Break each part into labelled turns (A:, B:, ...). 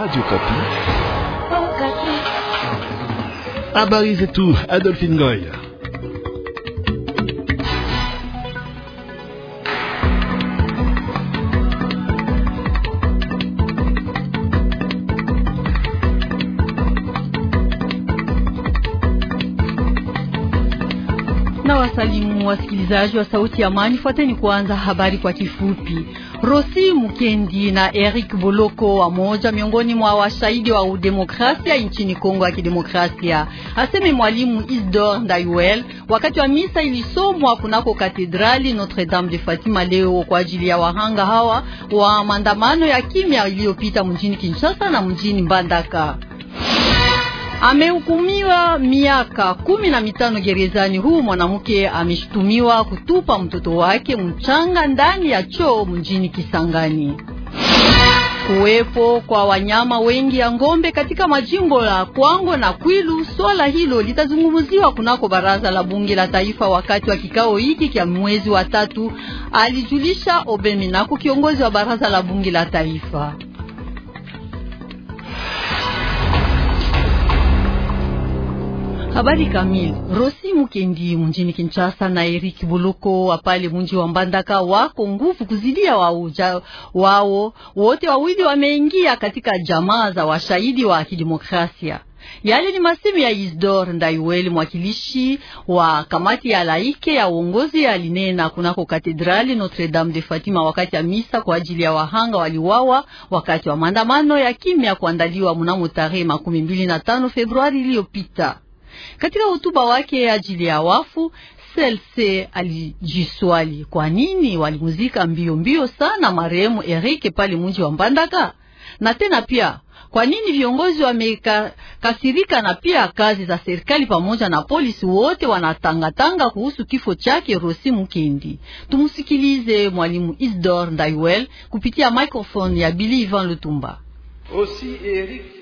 A: Radio Kapi. Habari zetu, Adolphine Goy.
B: Na wasalimu wasikilizaji wa Sauti ya Amani, fuateni kuanza habari kwa kifupi. Rosi Mukendi na Eric Boloko wamoja miongoni mwa washahidi wa udemokrasia nchini Kongo ya Kidemokrasia, aseme mwalimu isdor Ndayuel wakati wa misa ilisomwa kunako katedrali Notre Dame de Fatima leo kwa ajili ya wahanga hawa wa maandamano ya kimya iliyopita mjini Kinshasa na mjini Mbandaka amehukumiwa miaka kumi na mitano gerezani. Huu mwanamke ameshutumiwa kutupa mtoto wake mchanga ndani ya choo mjini Kisangani. Kuwepo kwa wanyama wengi ya ng'ombe katika majimbo la Kwango na Kwilu, swala hilo litazungumziwa kunako baraza la bunge la taifa wakati wa kikao hiki kya mwezi wa tatu, alijulisha Obeminaku, kiongozi wa baraza la bunge la taifa. Habari kamili. Rosi Mukendi mjini Kinshasa na Eric buluko wapale mji wa Mbandaka wako nguvu kuzidia wauja wao wote wawili wameingia katika jamaa za washahidi wa kidemokrasia. Yale ni masimu ya Isdor Ndaiweli, mwakilishi wa kamati ya laike ya uongozi ya linena kunako katedrali Notre Dame de Fatima wakati ya misa kwa ajili ya wahanga waliwawa wakati wa maandamano ya kimya kuandaliwa mnamo tarehe makumi mbili na tano Februari iliyopita. Katika hotuba wake ajili ya wafu Selse alijiswali kwa nini walimuzika mbio mbio sana marehemu Erike pale mji wa Mbandaka, na tena pia kwa nini viongozi wamekasirika, na pia kazi za serikali pamoja na polisi wote wanatangatanga kuhusu kifo chake Rosi Mukendi. Tumusikilize mwalimu Isdor Ndaiwel kupitia microphone ya Bili Ivan Lutumba.
A: Aussi Eric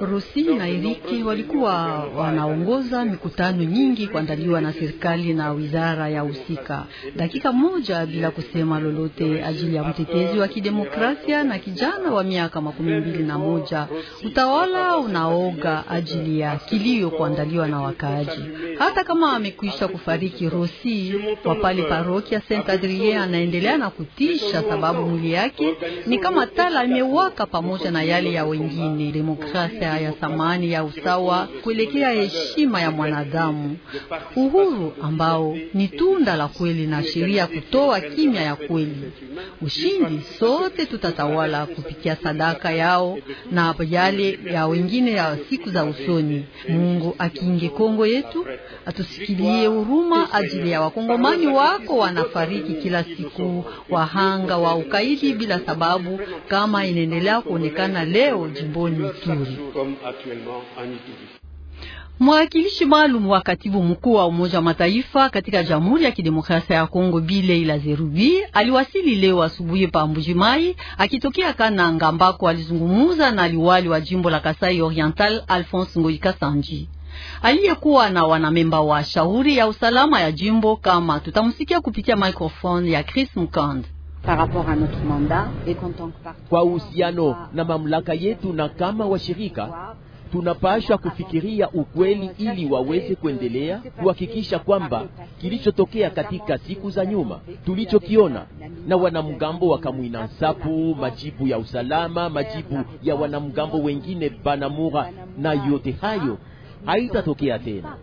A: Rusi
B: na Eriki walikuwa wanaongoza mikutano nyingi kuandaliwa na serikali na wizara ya husika. Dakika moja bila kusema lolote ajili ya mtetezi wa kidemokrasia na kijana wa miaka makumi mbili na moja. Utawala unaoga ajili ya kilio kuandaliwa na wakaaji, hata kama amekwisha kufariki. Rosi wa pale parokia Saint Adrien anaendelea na kutisha, sababu mwili yake ni kama tala imewaka pamoja na yale ya wengine demokrasia ya thamani ya usawa kuelekea heshima ya mwanadamu, uhuru ambao ni tunda la kweli na sheria kutoa kimya ya kweli. Ushindi sote tutatawala kupitia sadaka yao na yale ya wengine ya siku za usoni. Mungu akinge Kongo yetu, atusikilie huruma ajili ya wakongomani wako wanafariki kila siku wahanga wa ukaidi bila sababu, kama inaendelea kuonekana leo jimboni Mwakilishi maalum wa katibu mkuu wa Umoja wa Mataifa katika Jamhuri ya Kidemokrasia ya Kongo Bileila Zerubi aliwasili leo asubuhi pa Mbujimai akitokea Kananga ambako alizungumuza na liwali wa jimbo la Kasai Oriental Alphonse ngoi Kasanji aliyekuwa na wanamemba wa shauri ya usalama ya jimbo, kama tutamsikia kupitia microphone ya Chris Mkand. Kwa uhusiano na mamlaka
C: yetu na kama washirika tunapashwa kufikiria ukweli ili waweze kuendelea kuhakikisha kwamba kilichotokea katika siku za nyuma tulichokiona na wanamgambo wa Kamwina Nsapu, majibu ya usalama, majibu ya wanamgambo wengine Banamura, na yote hayo haitatokea tena,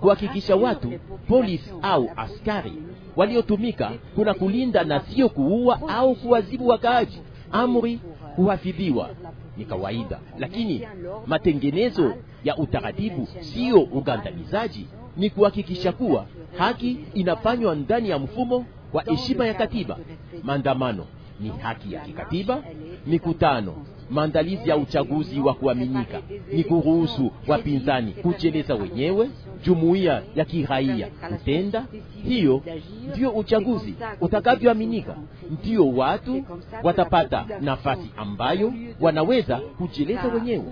C: kuhakikisha watu polisi au askari waliotumika kuna kulinda na sio kuua au kuwazibu wakaaji. Amri huhafidhiwa ni kawaida, lakini matengenezo ya utaratibu sio ugandamizaji, ni kuhakikisha kuwa haki inafanywa ndani ya mfumo wa heshima ya katiba. Maandamano ni haki ya kikatiba. Mikutano, maandalizi ya uchaguzi wa kuaminika ni kuruhusu wapinzani kujieleza wenyewe, jumuiya ya kiraia kutenda. Hiyo ndiyo uchaguzi utakavyoaminika, ndiyo watu watapata nafasi ambayo wanaweza kujieleza wenyewe.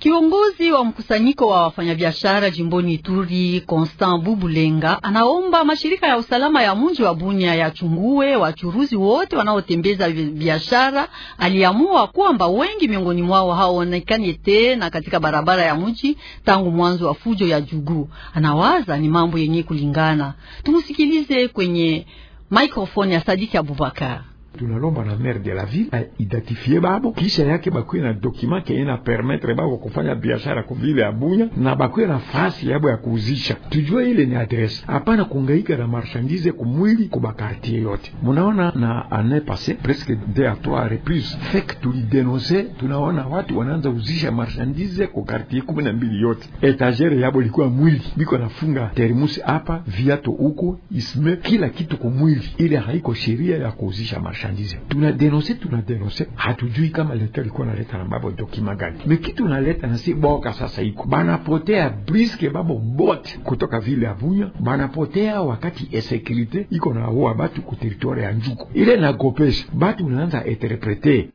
B: Kiongozi wa mkusanyiko wa wafanyabiashara jimboni Ituri, Constant Bubulenga, anaomba mashirika ya usalama ya mji wa Bunia yachungue wachuruzi wote wanaotembeza biashara. Aliamua kwamba wengi miongoni mwao hawaonekani tena katika barabara ya mji tangu mwanzo wa fujo ya juguu. Anawaza ni mambo yenye kulingana. Tumusikilize kwenye mikrofoni ya Sadiki Abubakar
C: tunalomba na maire de la ville aidentifie eh, babo, kisha yake bakuye na document kenye na permettre babo kufanya biashara ku vile ya Bunya, na bakuye na fasi yabo ya kuuzisha, tujue ile ni adresse, hapana kungaika na marchandise kumwili kubakartie yote. Munaona na année passée presque deux à trois reprises fek tulidenonse, tunaona watu wanaanza uzisha marchandise ku kartie kumi na mbili yote, etagere yabo likuwa mwili, biko nafunga termusi hapa, viato huko, isme kila kitu kumwili, ile haiko sheria ya kuuzisha marchandise tuna mashandizi. tuna tunadenonse, hatujui kama leta ilikuwa naleta na babo dokima gani, mekitu naleta nasi boka. Sasa iko banapotea briske babo bote kutoka vile avunya banapotea, wakati esekirite iko na wao batu ku teritoria ya njuku ile nakopesha batu naanza interprete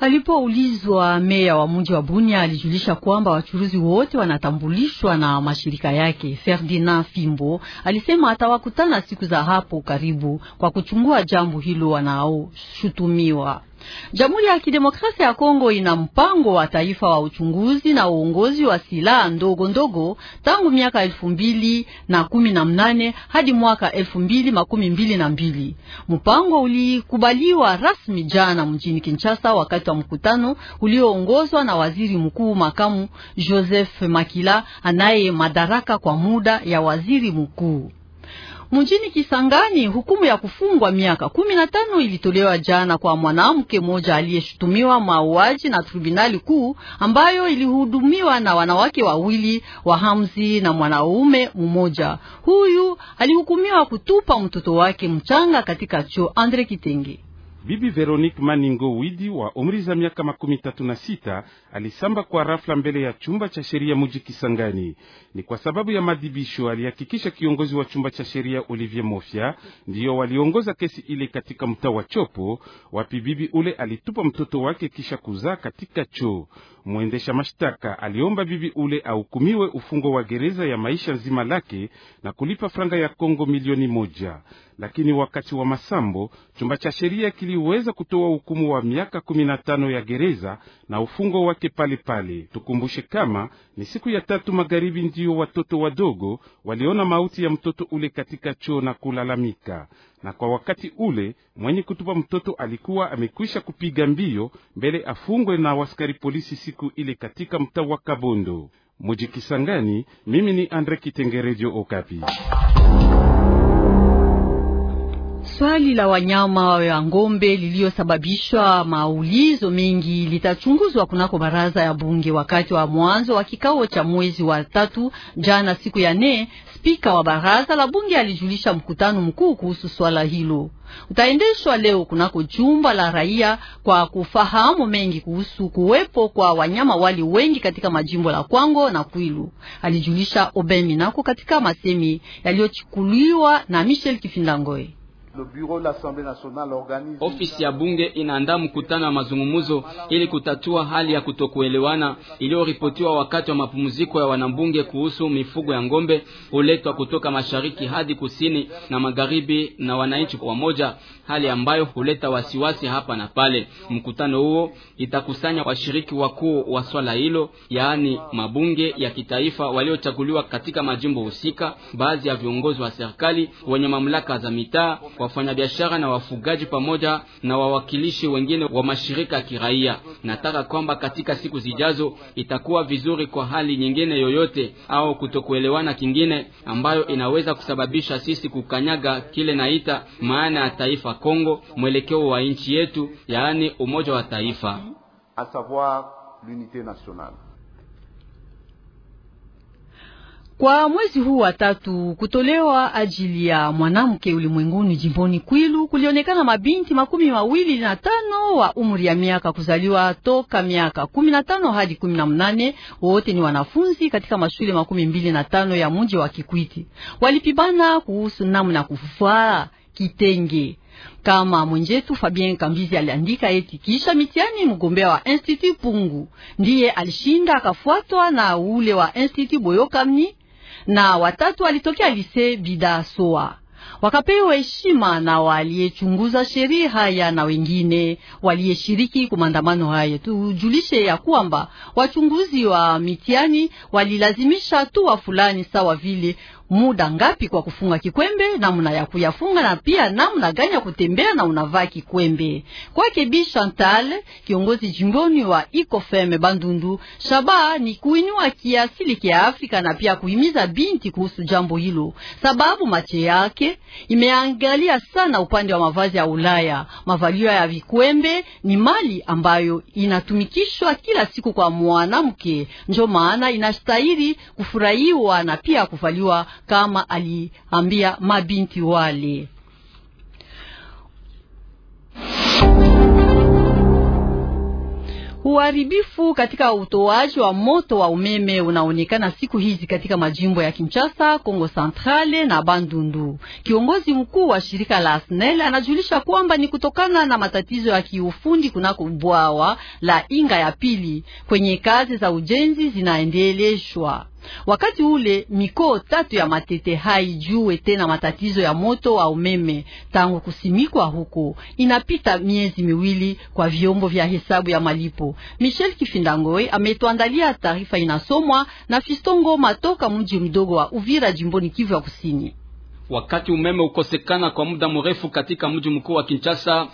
B: Alipoulizwa, meya wa mji wa Bunia alijulisha kwamba wachuruzi wote wanatambulishwa na mashirika yake. Ferdinand Fimbo alisema atawakutana siku za hapo karibu kwa kuchungua jambo hilo wanaoshutumiwa. Jamhuri ya Kidemokrasia ya Kongo ina mpango wa taifa wa uchunguzi na uongozi wa silaha ndogo ndogo tangu miaka elfu mbili na kumi na mnane hadi mwaka elfu mbili makumi mbili na mbili. Mpango ulikubaliwa rasmi jana mjini Kinshasa wakati wa mkutano ulioongozwa na waziri mkuu makamu Joseph Makila anaye madaraka kwa muda ya waziri mkuu. Mjini Kisangani hukumu ya kufungwa miaka kumi na tano ilitolewa jana kwa mwanamke mmoja aliyeshutumiwa mauaji na tribunali kuu ambayo ilihudumiwa na wanawake wawili wa hamzi na mwanaume mmoja. Huyu alihukumiwa kutupa mtoto wake mchanga katika choo. Andre Kitenge
A: Bibi Veronique Maningo Widi wa umri za miaka makumi tatu na sita alisamba kwa rafla mbele ya chumba cha sheria muji Kisangani. Ni kwa sababu ya madhibisho, alihakikisha kiongozi wa chumba cha sheria Olivier Mofia ndiyo waliongoza kesi ile katika mtaa wa Chopo, wapi bibi ule alitupa mtoto wake kisha kuzaa katika choo. Mwendesha mashtaka aliomba bibi ule ahukumiwe ufungo wa gereza ya maisha nzima lake na kulipa franga ya Kongo milioni moja lakini wakati wa masambo chumba cha sheria kiliweza kutoa hukumu wa miaka 15 ya gereza na ufungo wake palepale Tukumbushe kama ni siku ya tatu magharibi ndiyo watoto wadogo waliona mauti ya mtoto ule katika choo na kulalamika, na kwa wakati ule mwenye kutupa mtoto alikuwa amekwisha kupiga mbio mbele afungwe na waskari polisi siku ile katika mtaa wa Kabondo mujikisangani. Mimi ni Andre Kitengerejo, Okapi.
B: Swali la wanyama wa ng'ombe liliyosababishwa maulizo mengi litachunguzwa kunako baraza ya bunge wakati wa mwanzo wa kikao cha mwezi wa tatu jana, siku ya nne. Spika wa baraza la bunge alijulisha mkutano mkuu kuhusu swala hilo utaendeshwa leo kunako jumba la raia kwa kufahamu mengi kuhusu kuwepo kwa wanyama wali wengi katika majimbo la Kwango na Kwilu, alijulisha Obemi nako katika masemi yaliyochukuliwa na Michel Kifindangoe.
D: Ofisi ya bunge inaandaa mkutano wa mazungumzo ili kutatua hali ya kutokuelewana iliyoripotiwa wakati wa mapumziko ya wanabunge kuhusu mifugo ya ng'ombe huletwa kutoka mashariki hadi kusini na magharibi na wananchi kwa moja, hali ambayo huleta wasiwasi hapa na pale. Mkutano huo itakusanya washiriki wakuu wa swala hilo, yaani mabunge ya kitaifa waliochaguliwa katika majimbo husika, baadhi ya viongozi wa serikali wenye mamlaka za mitaa wafanyabiashara na wafugaji pamoja na wawakilishi wengine wa mashirika ya kiraia. Nataka kwamba katika siku zijazo itakuwa vizuri kwa hali nyingine yoyote au kutokuelewana kingine ambayo inaweza kusababisha sisi kukanyaga kile naita maana ya taifa Kongo, mwelekeo wa nchi yetu, yaani umoja wa taifa,
A: a savoir l'unité nationale.
B: Kwa mwezi huu wa tatu kutolewa ajili ya mwanamke ulimwenguni jimboni Kwilu kulionekana mabinti makumi mawili na tano wa umri ya miaka kuzaliwa toka miaka kumi na tano hadi kumi na mnane. Wote ni wanafunzi katika mashule makumi mbili na tano ya mji wa Kikwiti. Walipibana kuhusu namna kuvaa kitenge kama mwenjetu Fabien Kambizi aliandika eti kisha mitihani mgombea wa Institut Pungu ndiye alishinda akafuatwa na ule wa Institut Boyokamni na watatu alitokea lise soa wakapewa heshima na waliyechunguza sheria haya na wengine waliyeshiriki kumandamano haya. Tujulishe ya kwamba wachunguzi wa mitihani walilazimisha hatua fulani sawa vile muda ngapi kwa kufunga kikwembe, namna ya kuyafunga na pia namna gani ya kutembea na unavaa kikwembe. Kwake Bi Chantal, kiongozi jimboni wa Ikofeme Bandundu, shaba ni kuinua kiasili kia Afrika na pia kuhimiza binti kuhusu jambo hilo, sababu mache yake imeangalia sana upande wa mavazi ya Ulaya. Mavalio ya vikwembe ni mali ambayo inatumikishwa kila siku kwa mwanamke, ndio maana inastahili kufurahiwa na pia kuvaliwa kama aliambia mabinti wale. Uharibifu katika utoaji wa moto wa umeme unaonekana siku hizi katika majimbo ya Kinshasa, Kongo Centrale na Bandundu. Kiongozi mkuu wa shirika la SNEL anajulisha kwamba ni kutokana na matatizo ya kiufundi kunako bwawa la Inga ya pili kwenye kazi za ujenzi zinaendeleshwa. Wakati ule mikoo tatu ya Matete haijue tena matatizo ya moto wa umeme tangu kusimikwa huko, inapita miezi miwili kwa vyombo vya hesabu ya malipo. Michel Kifindangoe ametuandalia taarifa, inasomwa na fisto Ngoma toka mji mdogo wa Uvira, jimboni Kivu ya Kusini.
D: Wakati umeme ukosekana kwa muda mrefu katika mji mkuu wa Kinshasa,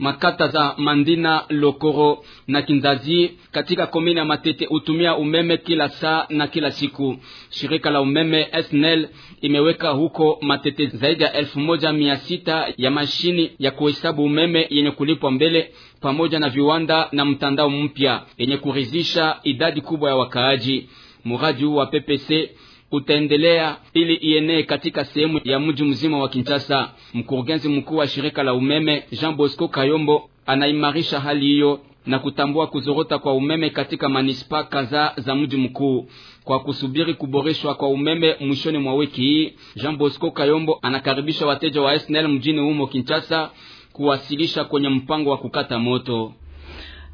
D: makata za Mandina, Lokoro na Kinzazi katika komini ya Matete hutumia umeme kila saa na kila siku. Shirika la umeme SNEL imeweka huko Matete zaidi ya elfu moja mia sita ya mashini ya kuhesabu umeme yenye kulipwa mbele pamoja na viwanda na mtandao mpya yenye kuridhisha idadi kubwa ya wakaaji. Muradi huu wa PPC utaendelea ili ienee katika sehemu ya mji mzima wa Kinshasa. Mkurugenzi mkuu wa shirika la umeme Jean Bosco Kayombo anaimarisha hali hiyo na kutambua kuzorota kwa umeme katika manispa kadhaa za mji mkuu. Kwa kusubiri kuboreshwa kwa umeme mwishoni mwa wiki hii, Jean Bosco Kayombo anakaribisha wateja wa SNEL mjini humo Kinshasa kuwasilisha kwenye mpango wa kukata moto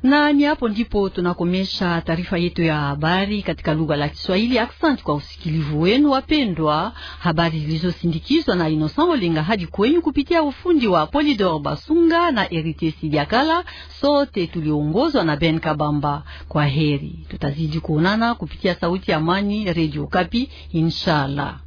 B: na ni hapo ndipo tunakomesha taarifa yetu ya habari katika lugha la Kiswahili. Aksanti kwa usikilivu wenu wapendwa. Habari zilizosindikizwa na Innocent olinga hadi kwenyu kupitia ufundi wa Polidor Basunga na Erite Sidiakala. Sote tuliongozwa na Ben Kabamba. Kwa heri, tutazidi kuonana kupitia Sauti ya Amani, Radio Kapi, inshallah.